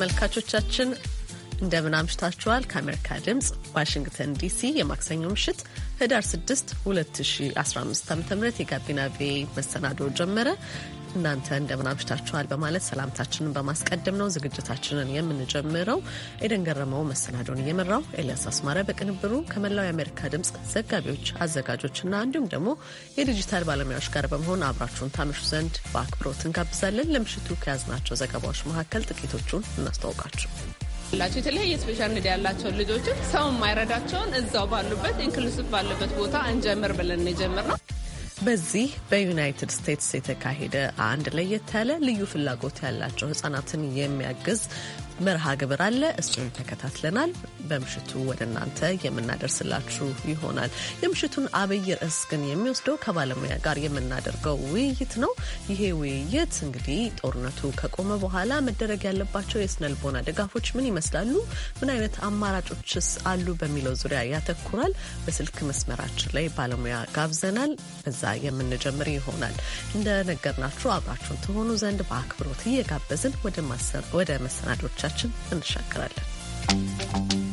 ተመልካቾቻችን እንደምን አምሽታችኋል። ከአሜሪካ ድምፅ ዋሽንግተን ዲሲ የማክሰኞ ምሽት ህዳር 6 2015 ዓ ም የጋቢና ቪ መሰናዶ ጀመረ። እናንተ እንደምናምሽታችኋል በማለት ሰላምታችንን በማስቀደም ነው ዝግጅታችንን የምንጀምረው። ኤደን ገረመው መሰናዶን እየመራው፣ ኤልያስ አስማረ በቅንብሩ ከመላው የአሜሪካ ድምፅ ዘጋቢዎች፣ አዘጋጆችና እንዲሁም ደግሞ የዲጂታል ባለሙያዎች ጋር በመሆን አብራችሁን ታመሹ ዘንድ በአክብሮት እንጋብዛለን። ለምሽቱ ከያዝናቸው ዘገባዎች መካከል ጥቂቶቹን እናስታውቃችሁ ላቸው የተለያየ ስፔሻል ኒድ ያላቸውን ልጆችን ሰው የማይረዳቸውን እዛው ባሉበት ኢንክሉሲቭ ባለበት ቦታ እንጀምር ብለን ነው በዚህ በዩናይትድ ስቴትስ የተካሄደ አንድ ለየት ያለ ልዩ ፍላጎት ያላቸው ህጻናትን የሚያግዝ መርሃ ግብር አለ። እሱን ተከታትለናል። በምሽቱ ወደ እናንተ የምናደርስላችሁ ይሆናል። የምሽቱን አብይ ርዕስ ግን የሚወስደው ከባለሙያ ጋር የምናደርገው ውይይት ነው። ይሄ ውይይት እንግዲህ ጦርነቱ ከቆመ በኋላ መደረግ ያለባቸው የስነ ልቦና ድጋፎች ምን ይመስላሉ፣ ምን አይነት አማራጮችስ አሉ በሚለው ዙሪያ ያተኩራል። በስልክ መስመራችን ላይ ባለሙያ ጋብዘናል። እዛ የምንጀምር ይሆናል። እንደነገርናችሁ አብራችሁን ትሆኑ ዘንድ በአክብሮት እየጋበዝን ወደ መሰናዶች ቆይታችን እንሻገራለን።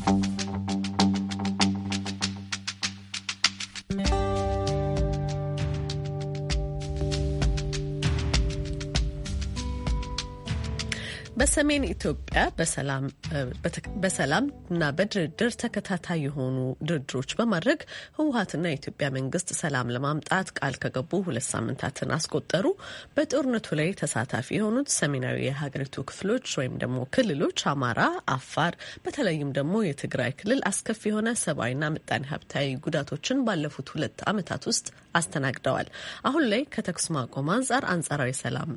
በሰሜን ኢትዮጵያ በሰላም እና በድርድር ተከታታይ የሆኑ ድርድሮች በማድረግ ህወሀትና የኢትዮጵያ መንግስት ሰላም ለማምጣት ቃል ከገቡ ሁለት ሳምንታትን አስቆጠሩ። በጦርነቱ ላይ ተሳታፊ የሆኑት ሰሜናዊ የሀገሪቱ ክፍሎች ወይም ደግሞ ክልሎች አማራ፣ አፋር፣ በተለይም ደግሞ የትግራይ ክልል አስከፊ የሆነ ሰብአዊና ምጣኔ ሀብታዊ ጉዳቶችን ባለፉት ሁለት ዓመታት ውስጥ አስተናግደዋል። አሁን ላይ ከተኩስ ማቆም አንጻር አንጻራዊ ሰላም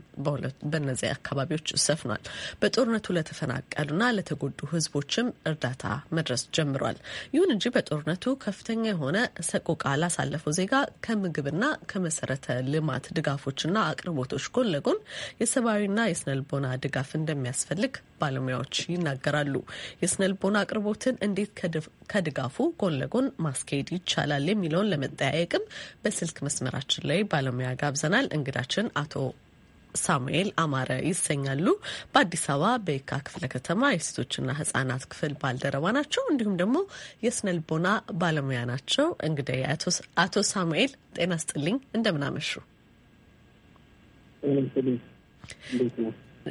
በነዚያ አካባቢዎች ሰፍኗል። በጦርነቱ ለተፈናቀሉና ለተጎዱ ህዝቦችም እርዳታ መድረስ ጀምሯል። ይሁን እንጂ በጦርነቱ ከፍተኛ የሆነ ሰቆቃ ላሳለፈው ዜጋ ከምግብና ከመሰረተ ልማት ድጋፎችና አቅርቦቶች ጎን ለጎን የሰብአዊና የስነልቦና ድጋፍ እንደሚያስፈልግ ባለሙያዎች ይናገራሉ። የስነልቦና አቅርቦትን እንዴት ከድጋፉ ጎን ለጎን ማስካሄድ ይቻላል የሚለውን ለመጠያየቅም በስልክ መስመራችን ላይ ባለሙያ ጋብዘናል። እንግዳችን አቶ ሳሙኤል አማረ ይሰኛሉ። በአዲስ አበባ በየካ ክፍለ ከተማ የሴቶችና ህጻናት ክፍል ባልደረባ ናቸው። እንዲሁም ደግሞ የስነ ልቦና ባለሙያ ናቸው። እንግዲህ አቶ ሳሙኤል ጤና ስጥልኝ፣ እንደምናመሹ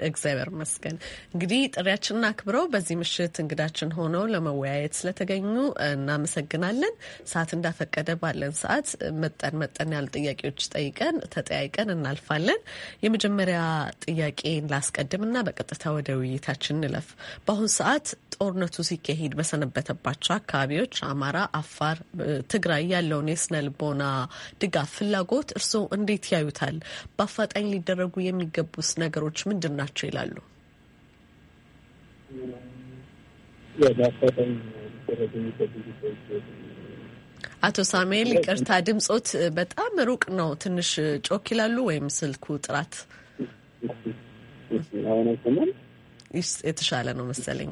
እግዚአብሔር ይመስገን። እንግዲህ ጥሪያችንን አክብረው በዚህ ምሽት እንግዳችን ሆነው ለመወያየት ስለተገኙ እናመሰግናለን። ሰዓት እንዳፈቀደ ባለን ሰዓት መጠን መጠን ያሉ ጥያቄዎች ጠይቀን ተጠያይቀን እናልፋለን። የመጀመሪያ ጥያቄን ላስቀድምና በቀጥታ ወደ ውይይታችን እንለፍ። በአሁኑ ሰዓት ጦርነቱ ሲካሄድ በሰነበተባቸው አካባቢዎች አማራ፣ አፋር፣ ትግራይ ያለውን የስነ ልቦና ድጋፍ ፍላጎት እርስዎ እንዴት ያዩታል? በአፋጣኝ ሊደረጉ የሚገቡት ነገሮች ምንድን ናቸው? ናቸው ይላሉ። አቶ ሳሙኤል ይቅርታ፣ ድምጾት በጣም ሩቅ ነው። ትንሽ ጮክ ይላሉ ወይም ስልኩ ጥራት የተሻለ ነው መሰለኝ።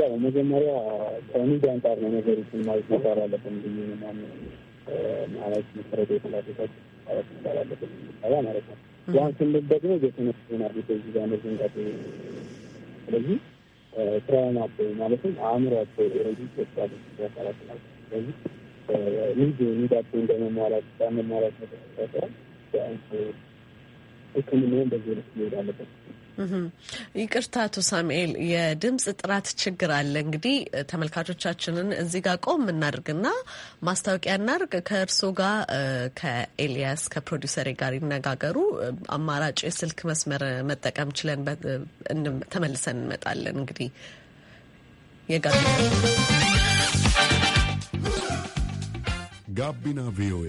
ያው መጀመሪያ ከሚዲ አንጻር ነው ነገሮችን ማለት መቻል አለብን ብዬ ማለት መሰረታዊ ፍላጎታችን ማለት መቻል አለብን ማለት ነው። ያን ስንል ደግሞ የተነሱን አቤቶች ዛነት ንቃት ስለዚህ ትራውማቸው ማለትም አእምሯቸው ረዲ ተስፋ ያሳላት ናቸው። ስለዚህ ልጅ ሚዳቸው እንደመሟላት መሟላት ተሰራ ሕክምናውን በዚህ ልክ መሄድ አለበት። ይቅርታ አቶ ሳሙኤል፣ የድምፅ ጥራት ችግር አለ። እንግዲህ ተመልካቾቻችንን እዚህ ጋር ቆም እናድርግና ማስታወቂያ እናድርግ። ከእርስዎ ጋር ከኤልያስ ከፕሮዲሰር ጋር ይነጋገሩ። አማራጭ የስልክ መስመር መጠቀም ችለን ተመልሰን እንመጣለን። እንግዲህ የጋቢ ጋቢና ቪኦኤ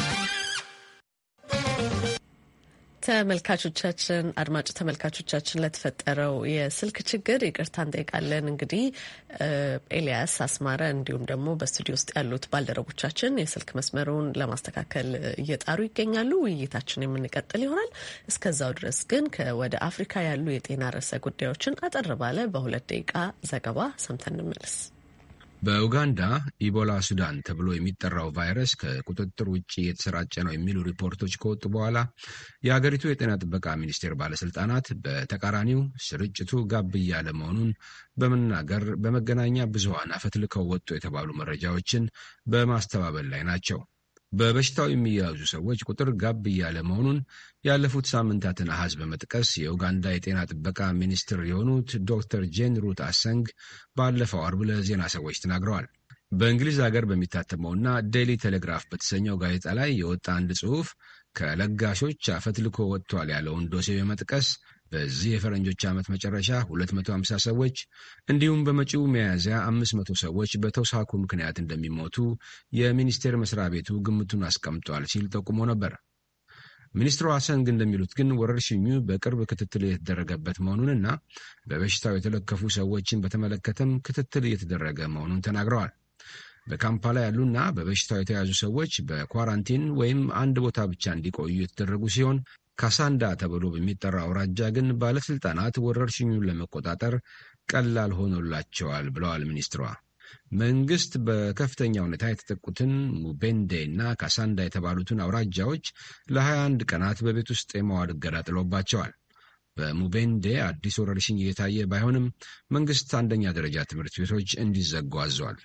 ተመልካቾቻችን አድማጭ ተመልካቾቻችን ለተፈጠረው የስልክ ችግር ይቅርታ እንጠይቃለን። እንግዲህ ኤልያስ አስማረ እንዲሁም ደግሞ በስቱዲዮ ውስጥ ያሉት ባልደረቦቻችን የስልክ መስመሩን ለማስተካከል እየጣሩ ይገኛሉ። ውይይታችን የምንቀጥል ይሆናል። እስከዛው ድረስ ግን ወደ አፍሪካ ያሉ የጤና ርዕሰ ጉዳዮችን አጠር ባለ በሁለት ደቂቃ ዘገባ ሰምተን እንመለስ። በኡጋንዳ ኢቦላ ሱዳን ተብሎ የሚጠራው ቫይረስ ከቁጥጥር ውጭ የተሰራጨ ነው የሚሉ ሪፖርቶች ከወጡ በኋላ የሀገሪቱ የጤና ጥበቃ ሚኒስቴር ባለስልጣናት በተቃራኒው ስርጭቱ ጋብ እያለ መሆኑን በመናገር በመገናኛ ብዙኃን አፈትልከው ወጡ የተባሉ መረጃዎችን በማስተባበል ላይ ናቸው። በበሽታው የሚያዙ ሰዎች ቁጥር ጋብ እያለ መሆኑን ያለፉት ሳምንታትን አሃዝ በመጥቀስ የኡጋንዳ የጤና ጥበቃ ሚኒስትር የሆኑት ዶክተር ጄን ሩት አሰንግ ባለፈው አርብ ለዜና ሰዎች ተናግረዋል። በእንግሊዝ ሀገር በሚታተመውና ዴይሊ ቴሌግራፍ በተሰኘው ጋዜጣ ላይ የወጣ አንድ ጽሑፍ ከለጋሾች አፈትልኮ ወጥቷል ያለውን ዶሴ በመጥቀስ በዚህ የፈረንጆች ዓመት መጨረሻ 250 ሰዎች እንዲሁም በመጪው ሚያዝያ 500 ሰዎች በተውሳኩ ምክንያት እንደሚሞቱ የሚኒስቴር መስሪያ ቤቱ ግምቱን አስቀምጧል ሲል ጠቁሞ ነበር። ሚኒስትሩ ግን እንደሚሉት ግን ወረርሽኙ በቅርብ ክትትል እየተደረገበት መሆኑንና በበሽታው የተለከፉ ሰዎችን በተመለከተም ክትትል እየተደረገ መሆኑን ተናግረዋል። በካምፓላ ያሉና በበሽታው የተያዙ ሰዎች በኳራንቲን ወይም አንድ ቦታ ብቻ እንዲቆዩ የተደረጉ ሲሆን ካሳንዳ ተብሎ በሚጠራ አውራጃ ግን ባለስልጣናት ወረርሽኙን ለመቆጣጠር ቀላል ሆኖላቸዋል ብለዋል ሚኒስትሯ። መንግስት በከፍተኛ ሁኔታ የተጠቁትን ሙቤንዴ እና ካሳንዳ የተባሉትን አውራጃዎች ለ21 ቀናት በቤት ውስጥ የመዋል እገዳ ጥሎባቸዋል። በሙቤንዴ አዲስ ወረርሽኝ እየታየ ባይሆንም መንግስት አንደኛ ደረጃ ትምህርት ቤቶች እንዲዘጉ አዟል።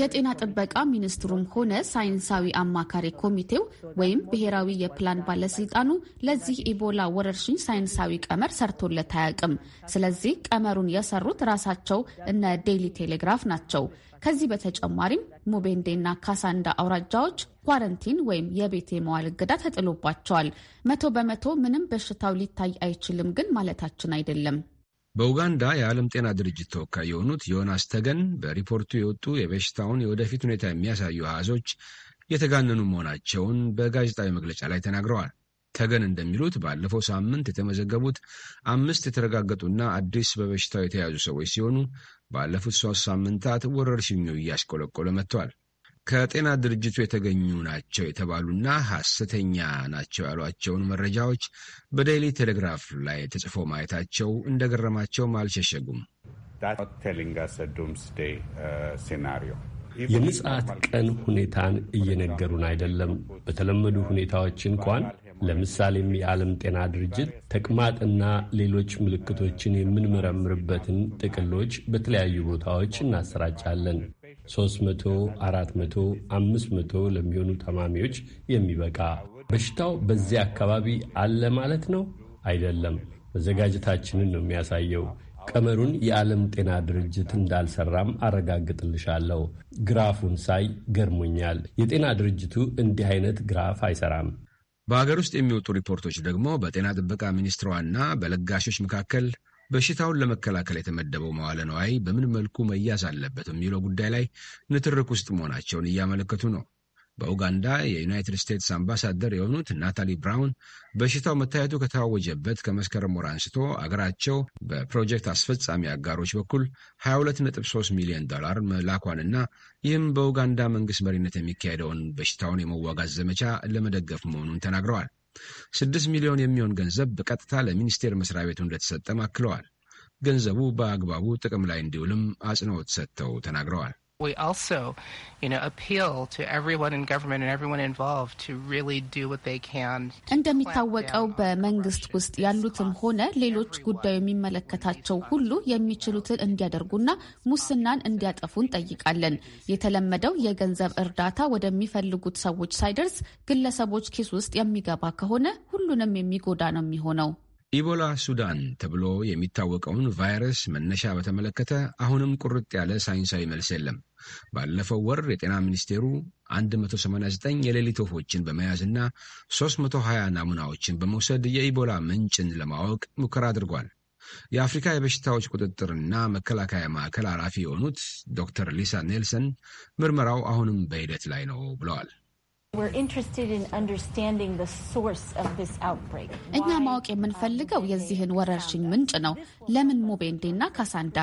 የጤና ጥበቃ ሚኒስትሩም ሆነ ሳይንሳዊ አማካሪ ኮሚቴው ወይም ብሔራዊ የፕላን ባለስልጣኑ ለዚህ ኢቦላ ወረርሽኝ ሳይንሳዊ ቀመር ሰርቶለት አያውቅም። ስለዚህ ቀመሩን የሰሩት ራሳቸው እነ ዴይሊ ቴሌግራፍ ናቸው። ከዚህ በተጨማሪም ሙቤንዴና ካሳንዳ አውራጃዎች ኳረንቲን ወይም የቤት የመዋል እገዳ ተጥሎባቸዋል። መቶ በመቶ ምንም በሽታው ሊታይ አይችልም ግን ማለታችን አይደለም። በኡጋንዳ የዓለም ጤና ድርጅት ተወካይ የሆኑት ዮናስ ተገን በሪፖርቱ የወጡ የበሽታውን የወደፊት ሁኔታ የሚያሳዩ አሃዞች የተጋነኑ መሆናቸውን በጋዜጣዊ መግለጫ ላይ ተናግረዋል። ተገን እንደሚሉት ባለፈው ሳምንት የተመዘገቡት አምስት የተረጋገጡና አዲስ በበሽታው የተያዙ ሰዎች ሲሆኑ ባለፉት ሶስት ሳምንታት ወረርሽኙ እያሽቆለቆለ መጥቷል። ከጤና ድርጅቱ የተገኙ ናቸው የተባሉና ሐሰተኛ ናቸው ያሏቸውን መረጃዎች በዴይሊ ቴሌግራፍ ላይ ተጽፎ ማየታቸው እንደገረማቸውም አልሸሸጉም። uh, የምጽአት ቀን ሁኔታን እየነገሩን አይደለም። በተለመዱ ሁኔታዎች እንኳን ለምሳሌም የዓለም ጤና ድርጅት ተቅማጥና ሌሎች ምልክቶችን የምንመረምርበትን ጥቅሎች በተለያዩ ቦታዎች እናሰራጫለን። 300፣ 400፣ መቶ ለሚሆኑ ታማሚዎች የሚበቃ በሽታው በዚያ አካባቢ አለ ማለት ነው አይደለም። መዘጋጀታችንን ነው የሚያሳየው። ቀመሩን የዓለም ጤና ድርጅት እንዳልሰራም አረጋግጥልሻለሁ። ግራፉን ሳይ ገርሞኛል። የጤና ድርጅቱ እንዲህ አይነት ግራፍ አይሰራም። በሀገር ውስጥ የሚወጡ ሪፖርቶች ደግሞ በጤና ጥበቃ ሚኒስትሯና በለጋሾች መካከል በሽታውን ለመከላከል የተመደበው መዋለ ነዋይ በምን መልኩ መያዝ አለበት የሚለው ጉዳይ ላይ ንትርክ ውስጥ መሆናቸውን እያመለከቱ ነው። በኡጋንዳ የዩናይትድ ስቴትስ አምባሳደር የሆኑት ናታሊ ብራውን በሽታው መታየቱ ከተዋወጀበት ከመስከረም ወር አንስቶ አገራቸው በፕሮጀክት አስፈጻሚ አጋሮች በኩል 223 ሚሊዮን ዶላር መላኳንና ይህም በኡጋንዳ መንግስት መሪነት የሚካሄደውን በሽታውን የመዋጋት ዘመቻ ለመደገፍ መሆኑን ተናግረዋል። ስድስት ሚሊዮን የሚሆን ገንዘብ በቀጥታ ለሚኒስቴር መስሪያ ቤቱ እንደተሰጠም አክለዋል። ገንዘቡ በአግባቡ ጥቅም ላይ እንዲውልም አጽንኦት ሰጥተው ተናግረዋል። we also, you know, appeal to everyone in government and everyone involved to really do what they can. እንደሚታወቀው በመንግስት ውስጥ ያሉትም ሆነ ሌሎች ጉዳዩ የሚመለከታቸው ሁሉ የሚችሉትን እንዲያደርጉና ሙስናን እንዲያጠፉ እንጠይቃለን። የተለመደው የገንዘብ እርዳታ ወደሚፈልጉት ሰዎች ሳይደርስ ግለሰቦች ኪስ ውስጥ የሚገባ ከሆነ ሁሉንም የሚጎዳ ነው የሚሆነው። ኢቦላ ሱዳን ተብሎ የሚታወቀውን ቫይረስ መነሻ በተመለከተ አሁንም ቁርጥ ያለ ሳይንሳዊ መልስ የለም። ባለፈው ወር የጤና ሚኒስቴሩ 189 የሌሊት ወፎችን በመያዝና 320 ናሙናዎችን በመውሰድ የኢቦላ ምንጭን ለማወቅ ሙከራ አድርጓል። የአፍሪካ የበሽታዎች ቁጥጥርና መከላከያ ማዕከል ኃላፊ የሆኑት ዶክተር ሊሳ ኔልሰን ምርመራው አሁንም በሂደት ላይ ነው ብለዋል። እኛ ማወቅ የምንፈልገው የዚህን ወረርሽኝ ምንጭ ነው። ለምን ሙቤንዴና ካሳንዳ?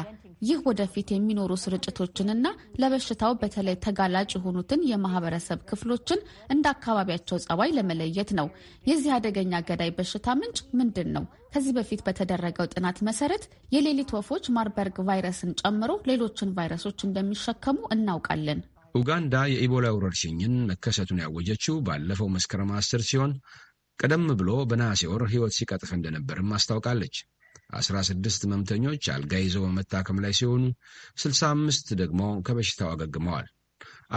ይህ ወደፊት የሚኖሩ ስርጭቶችንና ለበሽታው በተለይ ተጋላጭ የሆኑትን የማህበረሰብ ክፍሎችን እንደ አካባቢያቸው ጸባይ ለመለየት ነው። የዚህ አደገኛ ገዳይ በሽታ ምንጭ ምንድን ነው? ከዚህ በፊት በተደረገው ጥናት መሰረት የሌሊት ወፎች ማርበርግ ቫይረስን ጨምሮ ሌሎችን ቫይረሶች እንደሚሸከሙ እናውቃለን። ኡጋንዳ የኢቦላ ወረርሽኝን መከሰቱን ያወጀችው ባለፈው መስከረም አስር ሲሆን ቀደም ብሎ በነሐሴ ወር ሕይወት ሲቀጥፍ እንደነበርም አስታውቃለች። 16 ሕመምተኞች አልጋ ይዘው በመታከም ላይ ሲሆኑ 65 ደግሞ ከበሽታው አገግመዋል።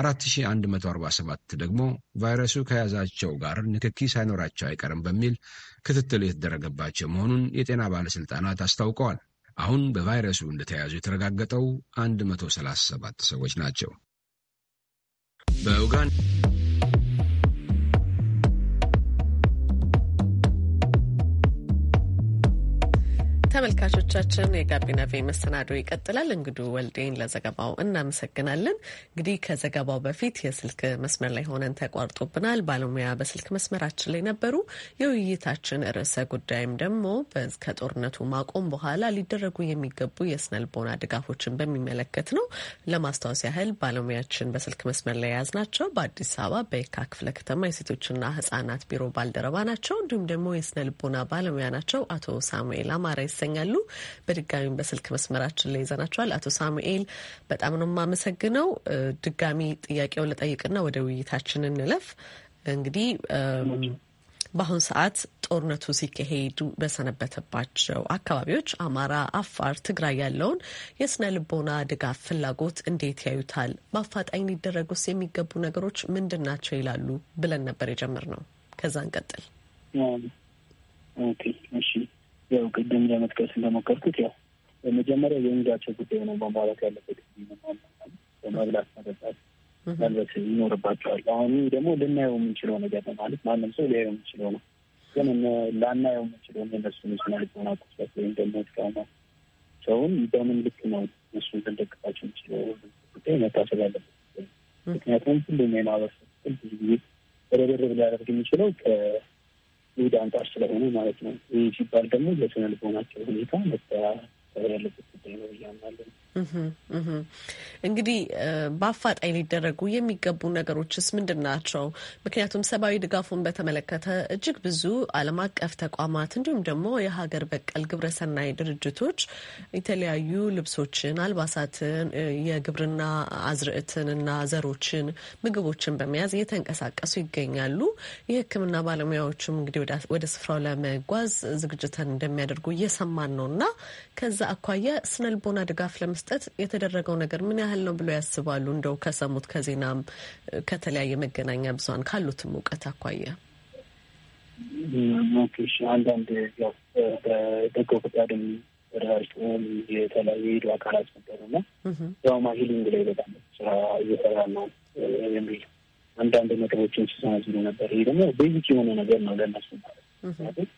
4147 ደግሞ ቫይረሱ ከያዛቸው ጋር ንክኪ ሳይኖራቸው አይቀርም በሚል ክትትል የተደረገባቸው መሆኑን የጤና ባለሥልጣናት አስታውቀዋል። አሁን በቫይረሱ እንደተያዙ የተረጋገጠው 137 ሰዎች ናቸው። Bogan. ተመልካቾቻችን የጋቢና ቬ መሰናዶ ይቀጥላል። እንግዱ ወልዴን ለዘገባው እናመሰግናለን። እንግዲህ ከዘገባው በፊት የስልክ መስመር ላይ ሆነን ተቋርጦብናል። ባለሙያ በስልክ መስመራችን ላይ ነበሩ። የውይይታችን ርዕሰ ጉዳይም ደግሞ ከጦርነቱ ማቆም በኋላ ሊደረጉ የሚገቡ የስነልቦና ድጋፎችን በሚመለከት ነው። ለማስታወስ ያህል ባለሙያችን በስልክ መስመር ላይ ያዝ ናቸው። በአዲስ አበባ በየካ ክፍለ ከተማ የሴቶችና ህጻናት ቢሮ ባልደረባ ናቸው። እንዲሁም ደግሞ የስነልቦና ባለሙያ ናቸው። አቶ ሳሙኤል አማራ። ይሰኛሉ። በድጋሚም በስልክ መስመራችን ላይ ይዘናቸዋል። አቶ ሳሙኤል በጣም ነው የማመሰግነው። ድጋሚ ጥያቄውን ልጠይቅና ወደ ውይይታችን እንለፍ። እንግዲህ በአሁን ሰዓት ጦርነቱ ሲካሄዱ በሰነበተባቸው አካባቢዎች አማራ፣ አፋር፣ ትግራይ ያለውን የስነ ልቦና ድጋፍ ፍላጎት እንዴት ያዩታል? በአፋጣኝ ሊደረጉስ የሚገቡ ነገሮች ምንድን ናቸው ይላሉ ብለን ነበር የጀመርነው። ከዛ እንቀጥል። እሺ ያው ቅድም ለመጥቀስ እንደሞከርኩት ያው በመጀመሪያ የእንግዳቸው ጉዳይ ነው መሟላት ያለበት በመብላት መጠጣት መልበስ ይኖርባቸዋል። አሁን ደግሞ ልናየው የምንችለው ነገር ነው ማለት ማንም ሰው ሊያየው የምንችለው ነው። ግን ላናየው የምንችለው የነሱ ምስናል ሆና ቁስለት ወይም ደግሞ ትራውማ ሰውን በምን ልክ ነው እነሱ ልንደግፋቸው የምችለው ጉዳይ መታሰብ ያለበት ምክንያቱም ሁሉም የማህበረሰብ ብዙ ጊዜ ርብርብ ሊያደርግ የሚችለው ከእሁድ አንጻር ስለሆነ ማለት ነው። ይህ ሲባል ደግሞ ለስነ ልቦናቸው ሁኔታ መጠያ ያለበት ጉዳይ ነው ብያምናለን። እንግዲህ በአፋጣኝ ሊደረጉ የሚገቡ ነገሮችስ ምንድን ናቸው? ምክንያቱም ሰብአዊ ድጋፉን በተመለከተ እጅግ ብዙ ዓለም አቀፍ ተቋማት እንዲሁም ደግሞ የሀገር በቀል ግብረሰናይ ድርጅቶች የተለያዩ ልብሶችን፣ አልባሳትን፣ የግብርና አዝርዕትን እና ዘሮችን፣ ምግቦችን በመያዝ እየተንቀሳቀሱ ይገኛሉ። የሕክምና ባለሙያዎችም እንግዲህ ወደ ስፍራው ለመጓዝ ዝግጅትን እንደሚያደርጉ እየሰማን ነው እና ከዛ አኳያ ስነልቦና ድጋፍ ለመ ለመስጠት የተደረገው ነገር ምን ያህል ነው ብለው ያስባሉ? እንደው ከሰሙት ከዜናም ከተለያየ መገናኛ ብዙኃን ካሉትም እውቀት አኳያ አንዳንድ በበጎ ፈቃድም ወደ የተለያዩ የሄዱ አካላት ነበሩ ነበሩና ያውማ ሂሊንግ ላይ በጣም ስራ እየሰራ ነው የሚል አንዳንድ ነገሮችን ሲሰነዝሩ ነበር። ይሄ ደግሞ ቤዚክ የሆነ ነገር ነው ለእነሱ ማለት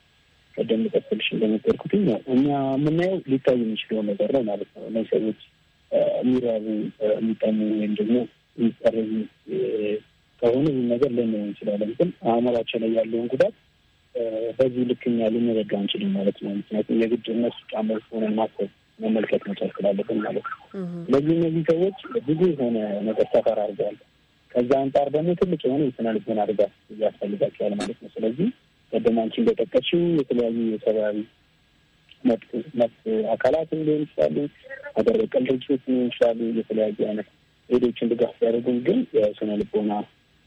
ቀደም ቀጥልሽ እንደነገርኩትኝ ነው እኛ የምናየው ሊታይ የሚችለው ነገር ነው ማለት ነው። እና ሰዎች የሚራቡ የሚጠሙ ወይም ደግሞ የሚጠረዙ ከሆነ ይህ ነገር ልናየው እንችላለን። ግን አእምሯቸው ላይ ያለውን ጉዳት በዚህ ልክኛ እኛ ልንረዳ አንችልም ማለት ነው። ምክንያቱም የግድ እነሱ ጫማ ውስጥ ሆነን ማሰብ መመልከት መቻል ስላለብን ማለት ነው። ስለዚህ እነዚህ ሰዎች ብዙ የሆነ ነገር ሰፈር አድርገዋል። ከዛ አንጻር ደግሞ ትልቅ የሆነ የስነ ልቦና ድጋፍ ያስፈልጋቸዋል ማለት ነው። ስለዚህ ቀደም አንቺ እንደጠቀሽው የተለያዩ የሰብአዊ መብት አካላትን ሊሆን ይችላሉ፣ ሀገር በቀል ድርጅቶች ሊሆን ይችላሉ። የተለያዩ አይነት ሌሎችን ድጋፍ ሲያደርጉም ግን የስነ ልቦና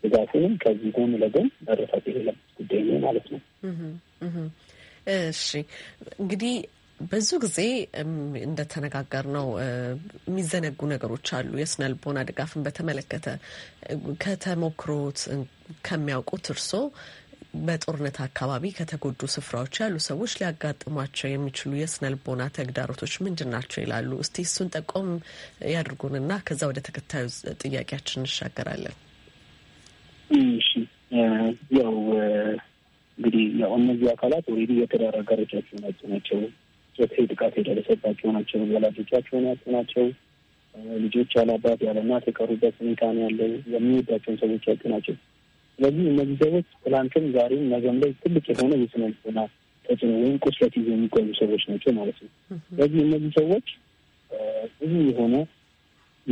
ድጋፉንም ከዚህ ጎን ለጎን መረሳት የሌለም ጉዳይ ነው ማለት ነው። እሺ እንግዲህ ብዙ ጊዜ እንደተነጋገር ነው የሚዘነጉ ነገሮች አሉ። የስነ ልቦና ድጋፍን በተመለከተ ከተሞክሮት ከሚያውቁት እርሶ በጦርነት አካባቢ ከተጎዱ ስፍራዎች ያሉ ሰዎች ሊያጋጥሟቸው የሚችሉ የስነልቦና ተግዳሮቶች ምንድን ናቸው ይላሉ? እስቲ እሱን ጠቆም ያድርጉንና ከዛ ወደ ተከታዩ ጥያቄያችን እንሻገራለን። ያው እንግዲህ ያው እነዚህ አካላት ኦልሬዲ የትዳር አጋሮቻቸው ናቸው ናቸው ጾታዊ ጥቃት የደረሰባቸው ናቸው። ወላጆቻቸው ናቸው ናቸው ልጆች ያለ አባት ያለ እናት የቀሩበት ሁኔታ ነው ያለው። የሚወዳቸውን ሰዎች ያጡ ናቸው ስለዚህ እነዚህ ሰዎች ትላንትም፣ ዛሬም ነገም ላይ ትልቅ የሆነ የስነ ልቦና ተጽዕኖ ወይም ቁስለት ይዞ የሚቆዩ ሰዎች ናቸው ማለት ነው። ስለዚህ እነዚህ ሰዎች ብዙ የሆነ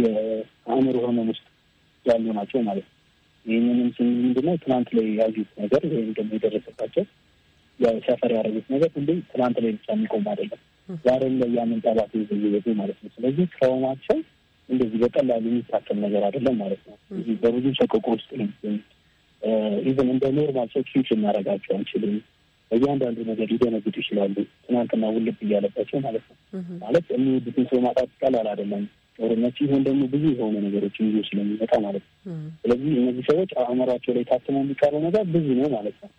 የአእምሮ ህመም ውስጥ ያሉ ናቸው ማለት ነው። ይህንንም ስንል ምንድነው ትናንት ላይ ያዩት ነገር ወይም ደግሞ የደረሰባቸው ሰፈር ያደረጉት ነገር ሁሌ ትናንት ላይ ብቻ የሚቆም አይደለም። ዛሬም ላይ ያንን ይዘ ይዘየቤ ማለት ነው። ስለዚህ ትራውማቸው እንደዚህ በቀላሉ የሚታከም ነገር አይደለም ማለት ነው። በብዙ ሰቆቆ ውስጥ ነው የሚገኙት። ኢቨን እንደ ኖርማል ሰብስቲዩት እናደርጋቸው አንችልም። እያንዳንዱ ነገር ሊደነግጡ ይችላሉ። ትናንትና ውልብ እያለባቸው ማለት ነው። ማለት የሚወዱትን ሰው ማጣት ቀላል አይደለም። ጦርነት ሲሆን ደግሞ ብዙ የሆነ ነገሮች ይዞ ስለሚመጣ ማለት ነው። ስለዚህ እነዚህ ሰዎች አእምሯቸው ላይ ታትሞ የሚቀረው ነገር ብዙ ነው ማለት ነው።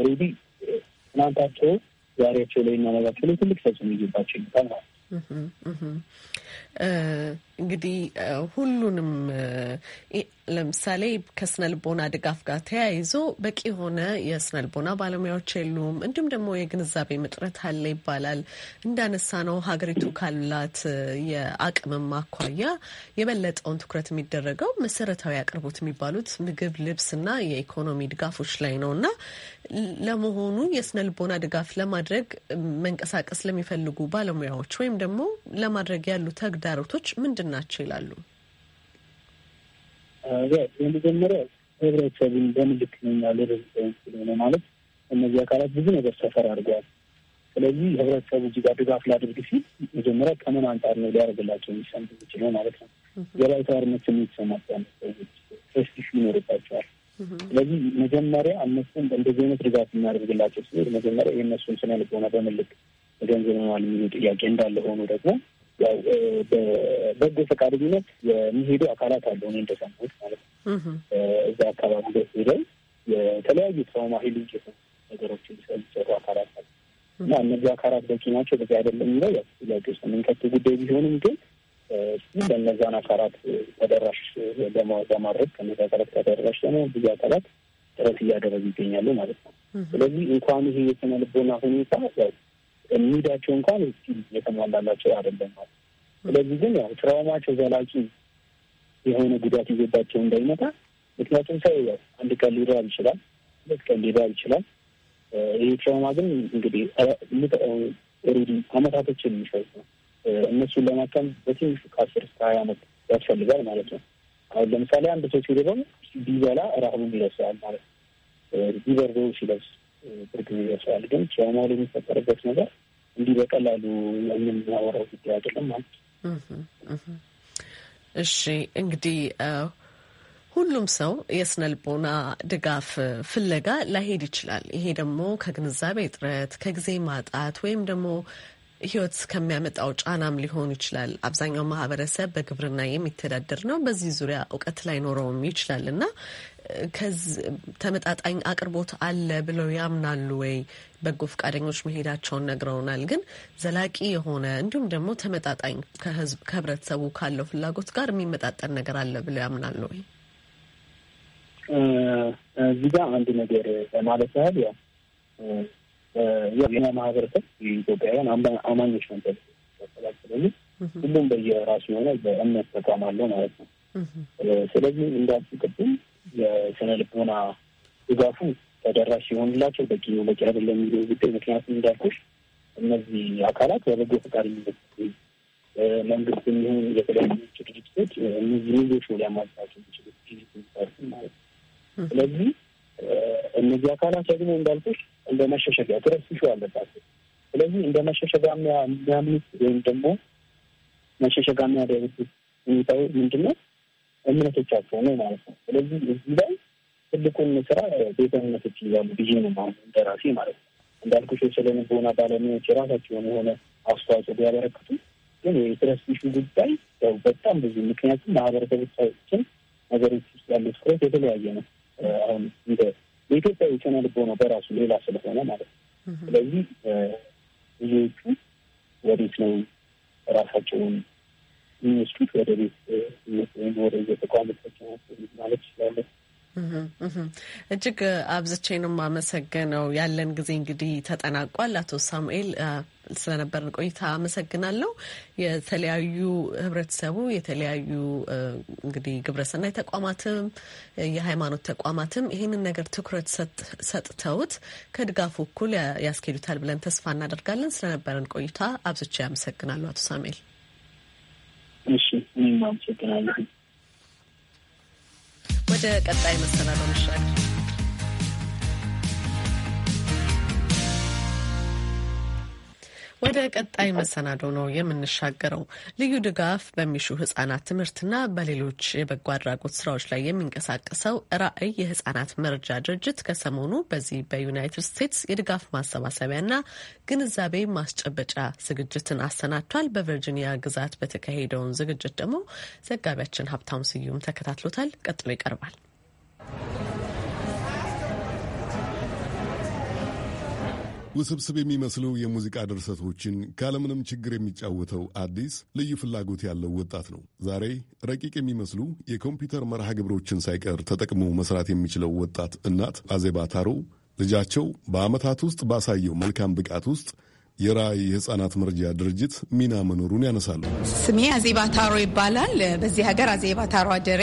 ኦልሬዲ ትናንታቸው ዛሬያቸው ላይ እና ነጋቸው ላይ ትልቅ ሰብስ ይዞባቸው ይመጣል ማለት ነው። እንግዲህ ሁሉንም ለምሳሌ ከስነ ልቦና ድጋፍ ጋር ተያይዞ በቂ የሆነ የስነ ልቦና ባለሙያዎች የሉም። እንዲሁም ደግሞ የግንዛቤ ምጥረት አለ ይባላል። እንዳነሳ ነው ሀገሪቱ ካላት የአቅምም አኳያ የበለጠውን ትኩረት የሚደረገው መሰረታዊ አቅርቦት የሚባሉት ምግብ፣ ልብስና የኢኮኖሚ ድጋፎች ላይ ነው እና ለመሆኑ የስነ ልቦና ድጋፍ ለማድረግ መንቀሳቀስ ለሚፈልጉ ባለሙያዎች ወይም ደግሞ ለማድረግ ያሉ ተግዳሮቶች ምንድን ናቸው ይላሉ? የመጀመሪያው ህብረተሰቡን በምልክ ነኛ ስለሆነ ማለት እነዚህ አካላት ብዙ ነገር ሰፈር አድርገዋል። ስለዚህ ህብረተሰቡ እዚህ ጋር ድጋፍ ላድርግ ሲል መጀመሪያ ከምን አንጻር ነው ሊያደርግላቸው የሚሰም ይችለው ማለት ነው። የባይተዋርነት ስሜት ይሰማቸዋል፣ ፕሬስቲጅ ይኖርባቸዋል። ስለዚህ መጀመሪያ እነሱን እንደዚህ አይነት ድጋፍ የሚያደርግላቸው ሲሆን መጀመሪያ የእነሱን ስነ ልቦና በምልክ ገንዘብ ማል የሚሉ ጥያቄ እንዳለ ሆኖ ደግሞ ያው በበጎ ፈቃደኝነት የሚሄዱ አካላት አለ። እኔ እንደሰማሁት ማለት ነው። እዛ አካባቢ ላይ ሄደው የተለያዩ ትራውማ ሂሊንግ የሆኑ ነገሮችን ሊሰሩ አካላት አለ እና እነዚህ አካላት በቂ ናቸው በዚህ አይደለም የሚለው ያው ጥያቄ ውስጥ የምንከት ጉዳይ ቢሆንም ግን ለእነዛን አካላት ተደራሽ ለማድረግ ከነዚ አካላት ተደራሽ ደግሞ ብዙ አካላት ጥረት እያደረጉ ይገኛሉ ማለት ነው። ስለዚህ እንኳን ይሄ የስነ ልቦና ሁኔታ ያው የሚሄዳቸው እንኳን ስኪል የተሟላላቸው አይደለም ማለት። ስለዚህ ግን ያው ትራውማቸው ዘላቂ የሆነ ጉዳት ይዞባቸው እንዳይመጣ ምክንያቱም ሰው ያው አንድ ቀን ሊራብ ይችላል፣ ሁለት ቀን ሊራብ ይችላል። ይህ ትራውማ ግን እንግዲህ ኦልሬዲ አመታቶች የሚፈጅ ነው። እነሱን ለማከም በትንሹ ከአስር እስከ ሀያ አመት ያስፈልጋል ማለት ነው። አሁን ለምሳሌ አንድ ሰው ሲርበው ቢበላ ረሃቡም ይለብሰዋል ማለት ነው። ቢበርደው ሲለብስ ብርድ ይለብሰዋል። ግን ትራውማው የሚፈጠርበት ነገር እንዲህ በቀላሉ የምናወራው ጉዳይ አይደለም ማለት ነው። እሺ እንግዲህ ሁሉም ሰው የስነልቦና ድጋፍ ፍለጋ ላይሄድ ይችላል። ይሄ ደግሞ ከግንዛቤ እጥረት፣ ከጊዜ ማጣት ወይም ደግሞ ህይወት ከሚያመጣው ጫናም ሊሆን ይችላል። አብዛኛው ማህበረሰብ በግብርና የሚተዳደር ነው። በዚህ ዙሪያ እውቀት ላይኖረውም ይችላል እና ተመጣጣኝ አቅርቦት አለ ብለው ያምናሉ ወይ? በጎ ፈቃደኞች መሄዳቸውን ነግረውናል። ግን ዘላቂ የሆነ እንዲሁም ደግሞ ተመጣጣኝ ከህዝብ ከህብረተሰቡ ካለው ፍላጎት ጋር የሚመጣጠን ነገር አለ ብለው ያምናሉ ወይ? እዚህ ጋር አንድ ነገር ማለት ያህል ያው የኛ ማህበረሰብ የኢትዮጵያውያን አማኞች ነበር። ስለዚህ ሁሉም በየራሱ የሆነ በእምነት ተቋም አለው ማለት ነው። ስለዚህ እንዳልኩ ቅድም የስነ ልቦና ድጋፉ ተደራሽ የሆንላቸው በቂ ነው በቂ አይደለም የሚለው ጉዳይ ምክንያቱም እንዳልኩሽ እነዚህ አካላት በበጎ ፈቃድ ፈቃደኝነት መንግስት የሚሆን የተለያዩ ድርጅቶች እነዚህ ልጆች ወደ ማጽናቸው የሚችሉ ማለት ነው። ስለዚህ እነዚህ አካላት ደግሞ እንዳልኩሽ እንደ መሸሸጊያ ትረስሹ አለባቸው። ስለዚህ እንደ መሸሸጋ የሚያምኑት ወይም ደግሞ መሸሸጋ የሚያደርጉት ሁኔታው ምንድን ነው? እምነቶቻቸው ነው ማለት ነው። ስለዚህ እዚህ ላይ ትልቁን ስራ ቤተ እምነቶች ይዛሉ ብዬ ነው ማለት ነው እንደራሴ ማለት ነው። እንዳልኩሽ የስነ ልቦና ባለሙያዎች የራሳቸውን የሆነ አስተዋጽኦ ቢያበረክቱ፣ ግን የትረስት ጉዳይ ያው በጣም ብዙ ምክንያቱም ማህበረሰቦቻችን ነገሮች ውስጥ ያሉት ትኩረት የተለያየ ነው። አሁን እንደ በኢትዮጵያ የስነ ልቦና በራሱ ሌላ ስለሆነ ማለት ነው። ስለዚህ ብዙዎቹ ወዴት ነው ራሳቸውን የሚወስዱት ወደ ቤት ወይም ወደ ማለት ይችላለን። እጅግ አብዝቼ ነው የማመሰግነው። ያለን ጊዜ እንግዲህ ተጠናቋል። አቶ ሳሙኤል ስለነበረን ቆይታ አመሰግናለሁ። የተለያዩ ህብረተሰቡ የተለያዩ እንግዲህ ግብረሰናይ ተቋማትም የሃይማኖት ተቋማትም ይህንን ነገር ትኩረት ሰጥተውት ከድጋፉ እኩል ያስኬዱታል ብለን ተስፋ እናደርጋለን። ስለነበረን ቆይታ አብዝቼ አመሰግናለሁ አቶ ሳሙኤል። እሺ፣ እኔም አመሰግናለሁ። ወደ ቀጣይ መሰናዶ መሻል ወደ ቀጣይ መሰናዶ ነው የምንሻገረው። ልዩ ድጋፍ በሚሹ ህጻናት ትምህርትና በሌሎች የበጎ አድራጎት ስራዎች ላይ የሚንቀሳቀሰው ራዕይ የህጻናት መረጃ ድርጅት ከሰሞኑ በዚህ በዩናይትድ ስቴትስ የድጋፍ ማሰባሰቢያና ግንዛቤ ማስጨበጫ ዝግጅትን አሰናድቷል። በቨርጂኒያ ግዛት በተካሄደውን ዝግጅት ደግሞ ዘጋቢያችን ሀብታሙ ስዩም ተከታትሎታል። ቀጥሎ ይቀርባል። ውስብስብ የሚመስሉ የሙዚቃ ድርሰቶችን ካለምንም ችግር የሚጫወተው አዲስ ልዩ ፍላጎት ያለው ወጣት ነው። ዛሬ ረቂቅ የሚመስሉ የኮምፒውተር መርሃ ግብሮችን ሳይቀር ተጠቅሞ መስራት የሚችለው ወጣት እናት አዜባ ታሮ ልጃቸው በዓመታት ውስጥ ባሳየው መልካም ብቃት ውስጥ የራይ የህፃናት መርጃ ድርጅት ሚና መኖሩን ያነሳሉ። ስሜ አዜባ ታሮ ይባላል። በዚህ ሀገር አዜባ ታሮ አደሬ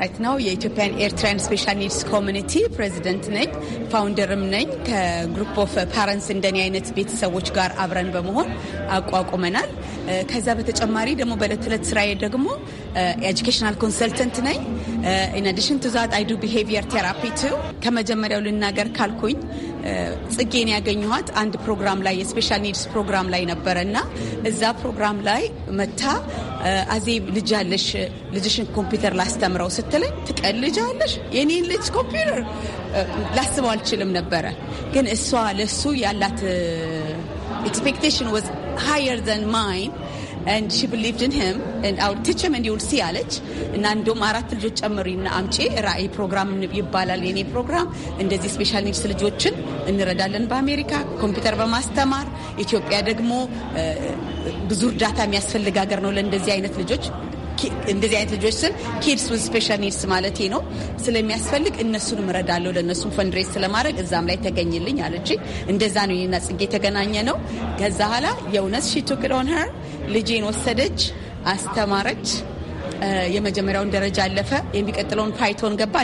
ራይት uh, ናው የኢትዮጵያን ኤርትራን ስፔሻል ኒድስ ኮሚኒቲ ፕሬዚደንት ነኝ፣ ፋውንደርም ነኝ። ከግሩፕ ኦፍ ፓረንትስ እንደኔ አይነት ቤተሰቦች ጋር አብረን በመሆን አቋቁመናል። uh, ከዛ በተጨማሪ ደግሞ በእለት እለት ስራዬ ደግሞ ኤጁኬሽናል uh, ኮንሰልተንት ነኝ። ኢንአዲሽን ቱ ዛት አይ ዱ ቢሄቪየር ቴራፒ ቱ። ከመጀመሪያው ልናገር ካልኩኝ ጽጌን ያገኘኋት አንድ ፕሮግራም ላይ የስፔሻል ኒድስ ፕሮግራም ላይ ነበረ እና እዛ ፕሮግራም ላይ መታ አዜ ልጅ ልጅሽን ኮምፒውተር ላስተምረው ስትለኝ ትቀልጃለሽ፣ የኔን ልጅ ኮምፒውተር ላስበው አልችልም ነበረ። ግን እሷ ለሱ ያላት ኤክስፔክቴሽን ወዝ ሃየር ዘን ማይን and she believed in him and I would teach and you see አለች እና እንደውም አራት ልጆች ጨምሪና አምጪ ራእይ ፕሮግራም ይባላል የኔ ፕሮግራም። እንደዚህ ስፔሻል ኒድስ ልጆችን እንረዳለን በአሜሪካ ኮምፒውተር በማስተማር ኢትዮጵያ ደግሞ ብዙ እርዳታ የሚያስፈልግ ሀገር ነው ለእንደዚህ አይነት ልጆች እንደዚህ አይነት ልጆች ስል ኪድስ ዊዝ ስፔሻል ኒድስ ማለት ነው ስለሚያስፈልግ እነሱን እረዳለሁ። ለእነሱም ፈንድሬስ ስለማድረግ እዛም ላይ ተገኝልኝ አለች። እንደዛ ነው ይህና ጽጌ የተገናኘ ነው። ከዛ ኋላ የእውነት ሺ ቱክ ኦን ሄር ልጄን ወሰደች አስተማረች። የመጀመሪያውን ደረጃ አለፈ። የሚቀጥለውን ፓይቶን ገባ።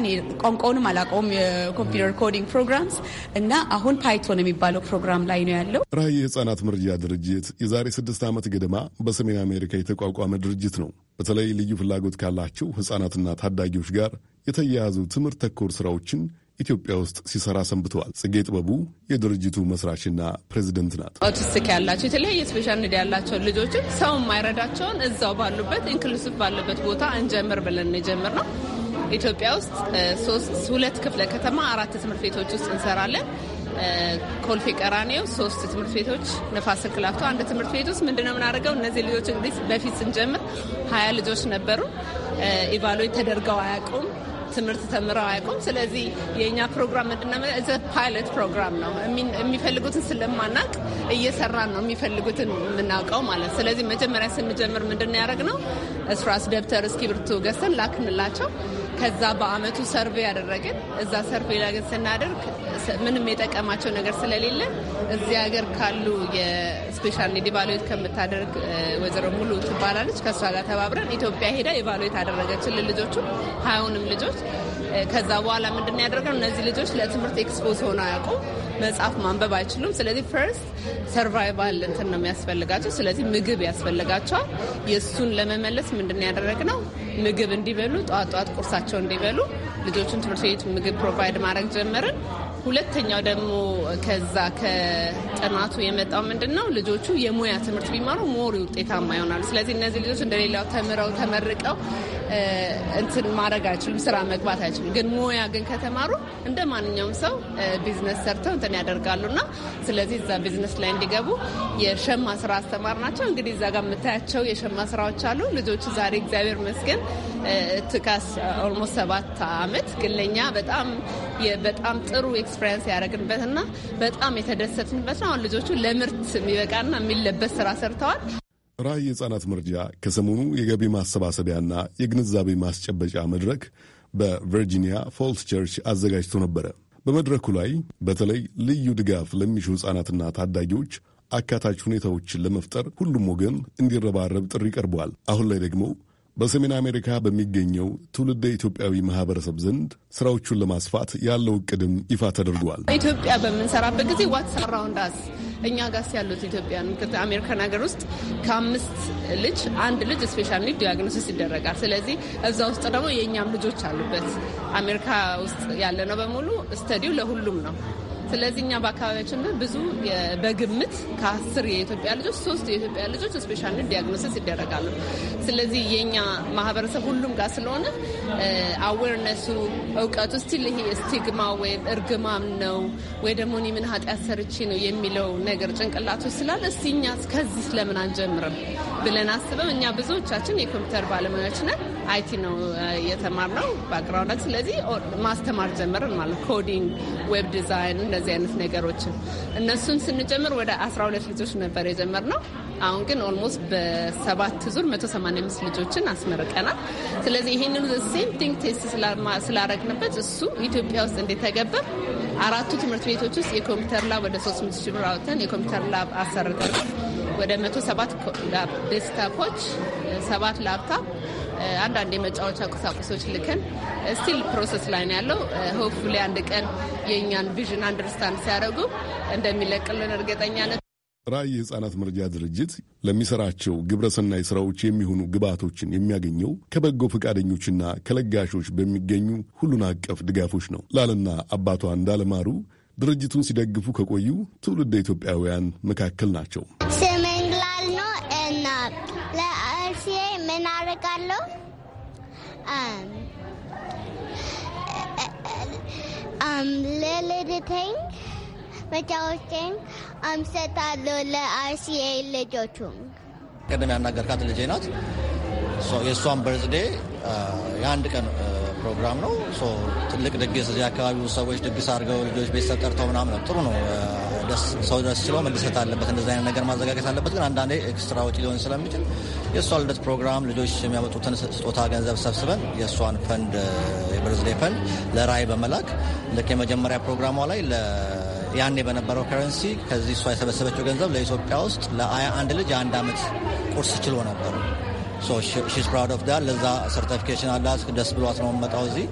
ቋንቋውንም አላውቀውም የኮምፒውተር ኮዲንግ ፕሮግራምስ እና አሁን ፓይቶን የሚባለው ፕሮግራም ላይ ነው ያለው። ራዕይ የህጻናት መርጃ ድርጅት የዛሬ ስድስት ዓመት ገደማ በሰሜን አሜሪካ የተቋቋመ ድርጅት ነው። በተለይ ልዩ ፍላጎት ካላቸው ህጻናትና ታዳጊዎች ጋር የተያያዙ ትምህርት ተኮር ስራዎችን ኢትዮጵያ ውስጥ ሲሰራ ሰንብተዋል። ጽጌ ጥበቡ የድርጅቱ መስራችና ፕሬዚደንት ናት። ኦቲስቲክ ያላቸው የተለያየ ስፔሻል ኒድ ያላቸውን ልጆችን ሰው የማይረዳቸውን እዛው ባሉበት ኢንክሉሲቭ ባለበት ቦታ እንጀምር ብለን የጀምር ነው። ኢትዮጵያ ውስጥ ሶስት ሁለት ክፍለ ከተማ አራት ትምህርት ቤቶች ውስጥ እንሰራለን። ኮልፌ ቀራኔው ሶስት ትምህርት ቤቶች፣ ነፋስ ስንክላፍቶ አንድ ትምህርት ቤት ውስጥ ምንድነው የምናደርገው? እነዚህ ልጆች እንግዲህ በፊት ስንጀምር ሀያ ልጆች ነበሩ። ኢቫሉዌት ተደርገው አያውቁም። ትምህርት ተምረው አያውቁም። ስለዚህ የእኛ ፕሮግራም ምንድነው? ፓይለት ፕሮግራም ነው። የሚፈልጉትን ስለማናቅ እየሰራን ነው የሚፈልጉትን የምናውቀው ማለት። ስለዚህ መጀመሪያ ስንጀምር ምንድን ያደረግ ነው እስራስ ደብተር፣ እስክሪብቶ ገዝተን ላክንላቸው። ከዛ በአመቱ ሰርቬ ያደረግን እዛ ሰርቬ ላገን ስናደርግ ምንም የጠቀማቸው ነገር ስለሌለ እዚህ ሀገር ካሉ የስፔሻል ኒድ ኢቫሉዌት ከምታደርግ ወይዘሮ ሙሉ ትባላለች። ከእሷ ጋር ተባብረን ኢትዮጵያ ሄዳ ኢቫሉዌት አደረገችን ልልጆቹ ሀያውንም ልጆች ከዛ በኋላ ምንድን ያደርገው እነዚህ ልጆች ለትምህርት ኤክስፖዝ ሆነ አያውቁም። መጽሐፍ ማንበብ አይችሉም። ስለዚህ ፈርስት ሰርቫይቫል እንትን ነው የሚያስፈልጋቸው። ስለዚህ ምግብ ያስፈልጋቸዋል። የእሱን ለመመለስ ምንድን ነው? ምግብ እንዲበሉ ጠዋት ጠዋት ቁርሳቸው እንዲበሉ ልጆቹን ትምህርት ቤት ምግብ ፕሮቫይድ ማድረግ ጀመርን። ሁለተኛው ደግሞ ከዛ ከጥናቱ የመጣው ምንድን ነው ልጆቹ የሙያ ትምህርት ቢማሩ ሞሪ ውጤታማ ይሆናሉ። ስለዚህ እነዚህ ልጆች እንደሌላው ተምረው ተመርቀው እንትን ማድረግ አይችሉም፣ ስራ መግባት አይችሉም። ግን ሙያ ግን ከተማሩ እንደ ማንኛውም ሰው ቢዝነስ ሰርተው እንትን ያደርጋሉና ስለዚህ እዛ ቢዝነስ ላይ እንዲገቡ የሸማ ስራ አስተማር ናቸው። እንግዲህ እዛ ጋር የምታያቸው የሸማ ስራዎች አሉ። ልጆቹ ዛሬ እግዚአብሔር ይመስገን ትካስ ኦልሞስት ሰባት አመት ግን ለእኛ በጣም በጣም ጥሩ ኤክስፔሪንስ ያደረግንበትና በጣም የተደሰትንበት ነው። አሁን ልጆቹ ለምርት የሚበቃና የሚለበስ ስራ ሰርተዋል። ራዕይ የሕፃናት መርጃ ከሰሞኑ የገቢ ማሰባሰቢያና የግንዛቤ ማስጨበጫ መድረክ በቨርጂኒያ ፎልስ ቸርች አዘጋጅቶ ነበረ። በመድረኩ ላይ በተለይ ልዩ ድጋፍ ለሚሹ ሕፃናትና ታዳጊዎች አካታች ሁኔታዎችን ለመፍጠር ሁሉም ወገን እንዲረባረብ ጥሪ ቀርቧል። አሁን ላይ ደግሞ በሰሜን አሜሪካ በሚገኘው ትውልደ ኢትዮጵያዊ ማህበረሰብ ዘንድ ስራዎቹን ለማስፋት ያለው እቅድም ይፋ ተደርጓል። ኢትዮጵያ በምንሰራበት ጊዜ ዋትስ አራውንድ አስ እኛ ጋስ ያሉት ኢትዮጵያን አሜሪካን ሀገር ውስጥ ከአምስት ልጅ አንድ ልጅ ስፔሻል ኒድ ዲያግኖሲስ ይደረጋል። ስለዚህ እዛ ውስጥ ደግሞ የእኛም ልጆች አሉበት። አሜሪካ ውስጥ ያለ ነው በሙሉ ስተዲው ለሁሉም ነው። ስለዚህ እኛ በአካባቢያችን ብዙ በግምት ከአስር የኢትዮጵያ ልጆች ሶስት የኢትዮጵያ ልጆች ስፔሻል ዲያግኖሲስ ይደረጋሉ። ስለዚህ የኛ ማህበረሰብ ሁሉም ጋር ስለሆነ አዌርነሱ እውቀቱ ስቲል ይሄ ስቲግማ ወይም እርግማም ነው ወይ ደግሞ እኔ ምን ኃጢአት ሰርቼ ነው የሚለው ነገር ጭንቅላቱ ስላለ እስቲ እኛ ከዚህ ስለምን አንጀምርም ብለን አስበም እኛ ብዙዎቻችን የኮምፒውተር ባለሙያዎች ነን። አይቲ ነው የተማርነው ባክግራውንዳችን። ስለዚህ ማስተማር ጀመርን ማለት ኮዲንግ፣ ዌብ ዲዛይን እንደዚህ አይነት ነገሮችን እነሱን ስንጀምር ወደ 12 ልጆች ነበር የጀመርነው። አሁን ግን ኦልሞስት በሰባት ዙር 185 ልጆችን አስመርቀናል። ስለዚህ ይህንን ሴም ቲንግ ቴስት ስላረግንበት እሱ ኢትዮጵያ ውስጥ እንደተገበር አራቱ ትምህርት ቤቶች ውስጥ የኮምፒውተር ላብ ወደ 3 ሺህ ብር አውጥተን የኮምፒውተር ላብ አሰርተናል። ወደ 107 ዴስክታፖች፣ ሰባት ላፕታፕ አንዳንድ የመጫወቻ ቁሳቁሶች ልከን ስቲል ፕሮሰስ ላይ ነው ያለው። ሆፕፉሊ አንድ ቀን የእኛን ቪዥን አንደርስታንድ ሲያደርጉ እንደሚለቅልን እርግጠኛ ነ ራእይ የሕፃናት መርጃ ድርጅት ለሚሰራቸው ግብረሰናይ ስራዎች የሚሆኑ ግብዓቶችን የሚያገኘው ከበጎ ፈቃደኞችና ከለጋሾች በሚገኙ ሁሉን አቀፍ ድጋፎች ነው። ላልና አባቷ እንዳለማሩ ድርጅቱን ሲደግፉ ከቆዩ ትውልደ ኢትዮጵያውያን መካከል ናቸው። ስምንግላል ነው እና ለአርሴ ምን አደርጋለሁ? ለልድተኝ መጫወቼን አምሰታለሁ ለአርሲኤ ልጆቹ። ቅድም ያናገርካት ልጄ ናት። የእሷን በርዝዴ የአንድ ቀን ፕሮግራም ነው። ትልቅ ድግስ እዚህ አካባቢው ሰዎች ድግስ አድርገው ልጆች ቤተሰብ ጠርተው ምናምን ጥሩ ነው። ሰው ደስ ሲለው መደሰት አለበት። እንደዚህ አይነት ነገር ማዘጋጀት አለበት። ግን አንዳንዴ ኤክስትራ ወጪ ሊሆን ስለሚችል የእሷ ልደት ፕሮግራም ልጆች የሚያመጡትን ስጦታ ገንዘብ ሰብስበን የእሷን ፈንድ የበርዝዴ ፈንድ ለራይ በመላክ ልክ የመጀመሪያ ፕሮግራሟ ላይ ያኔ በነበረው ከረንሲ ከዚህ እሷ የሰበሰበችው ገንዘብ ለኢትዮጵያ ውስጥ ለአንድ ልጅ የአንድ ዓመት ቁርስ ችሎ ነበር። ሺስ ፕራውድ ኦፍ ዳት። ለዛ ሰርቲፊኬሽን አላት ደስ ብሏት ነው መጣው እዚህ።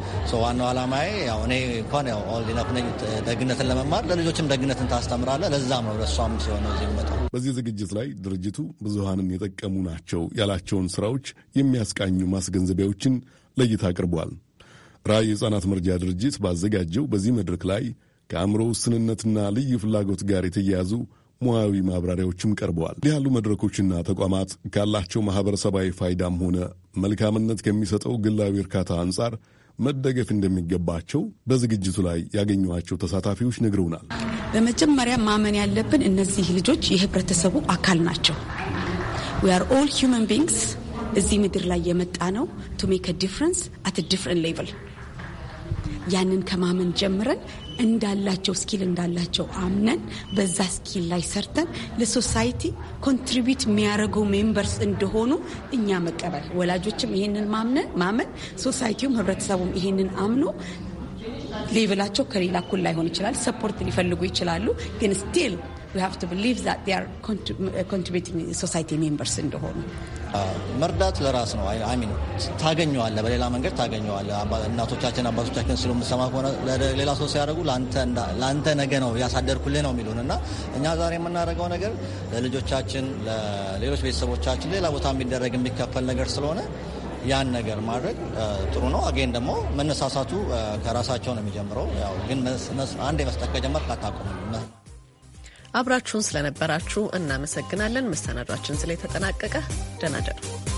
ዋናው አላማዬ ያው እኔ እንኳን ያው ኦልድ ኢነፍ ነኝ ደግነትን ለመማር ለልጆችም ደግነትን ታስተምራለ። ለዛም ነው ለእሷም ሲሆነ እዚህ መጣው። በዚህ ዝግጅት ላይ ድርጅቱ ብዙሃንን የጠቀሙ ናቸው ያላቸውን ስራዎች የሚያስቃኙ ማስገንዘቢያዎችን ለእይታ አቅርቧል። ራዕይ የሕፃናት መርጃ ድርጅት ባዘጋጀው በዚህ መድረክ ላይ ከአእምሮ ውስንነትና ልዩ ፍላጎት ጋር የተያያዙ ሙያዊ ማብራሪያዎችም ቀርበዋል። እንዲህ ያሉ መድረኮችና ተቋማት ካላቸው ማህበረሰባዊ ፋይዳም ሆነ መልካምነት ከሚሰጠው ግላዊ እርካታ አንጻር መደገፍ እንደሚገባቸው በዝግጅቱ ላይ ያገኘኋቸው ተሳታፊዎች ነግረውናል። በመጀመሪያ ማመን ያለብን እነዚህ ልጆች የህብረተሰቡ አካል ናቸው። ዊ አር ኦል ሂውማን ቢንግስ እዚህ ምድር ላይ የመጣ ነው ቱ ሜክ ዲፍረንስ አት ዲፍረንት ሌቨል። ያንን ከማመን ጀምረን እንዳላቸው ስኪል እንዳላቸው አምነን በዛ ስኪል ላይ ሰርተን ለሶሳይቲ ኮንትሪቢዩት የሚያደርጉ ሜምበርስ እንደሆኑ እኛ መቀበል፣ ወላጆችም ይህንን ማምነን ማመን፣ ሶሳይቲውም ህብረተሰቡም ይህንን አምኖ ሌብላቸው ከሌላ እኩል ላይሆን ይችላል። ሰፖርት ሊፈልጉ ይችላሉ ግን ስቲል ሶሳይቲ ሜምበርስ uh, እንደሆኑ uh, መርዳት ለራስ ነው። አሚን ታገኘዋለ፣ በሌላ መንገድ ታገኘዋለ። እናቶቻችን አባቶቻችን ስለምሰማ ከሆነ ሌላ ሰው ሲያደርጉ ለአንተ ነገ ነው ያሳደርኩልህ ነው የሚሉን እና እኛ ዛሬ የምናደርገው ነገር ለልጆቻችን፣ ለሌሎች ቤተሰቦቻችን ሌላ ቦታ የሚደረግ የሚከፈል ነገር ስለሆነ ያን ነገር ማድረግ uh, ጥሩ ነው። አጌን ደግሞ መነሳሳቱ ከራሳቸው ነው የሚጀምረው። ግን አንድ የመስጠት ከጀመር ካታቆም አብራችሁን ስለነበራችሁ እናመሰግናለን። መሰናዷችን ተጠናቀቀ ደናደሩ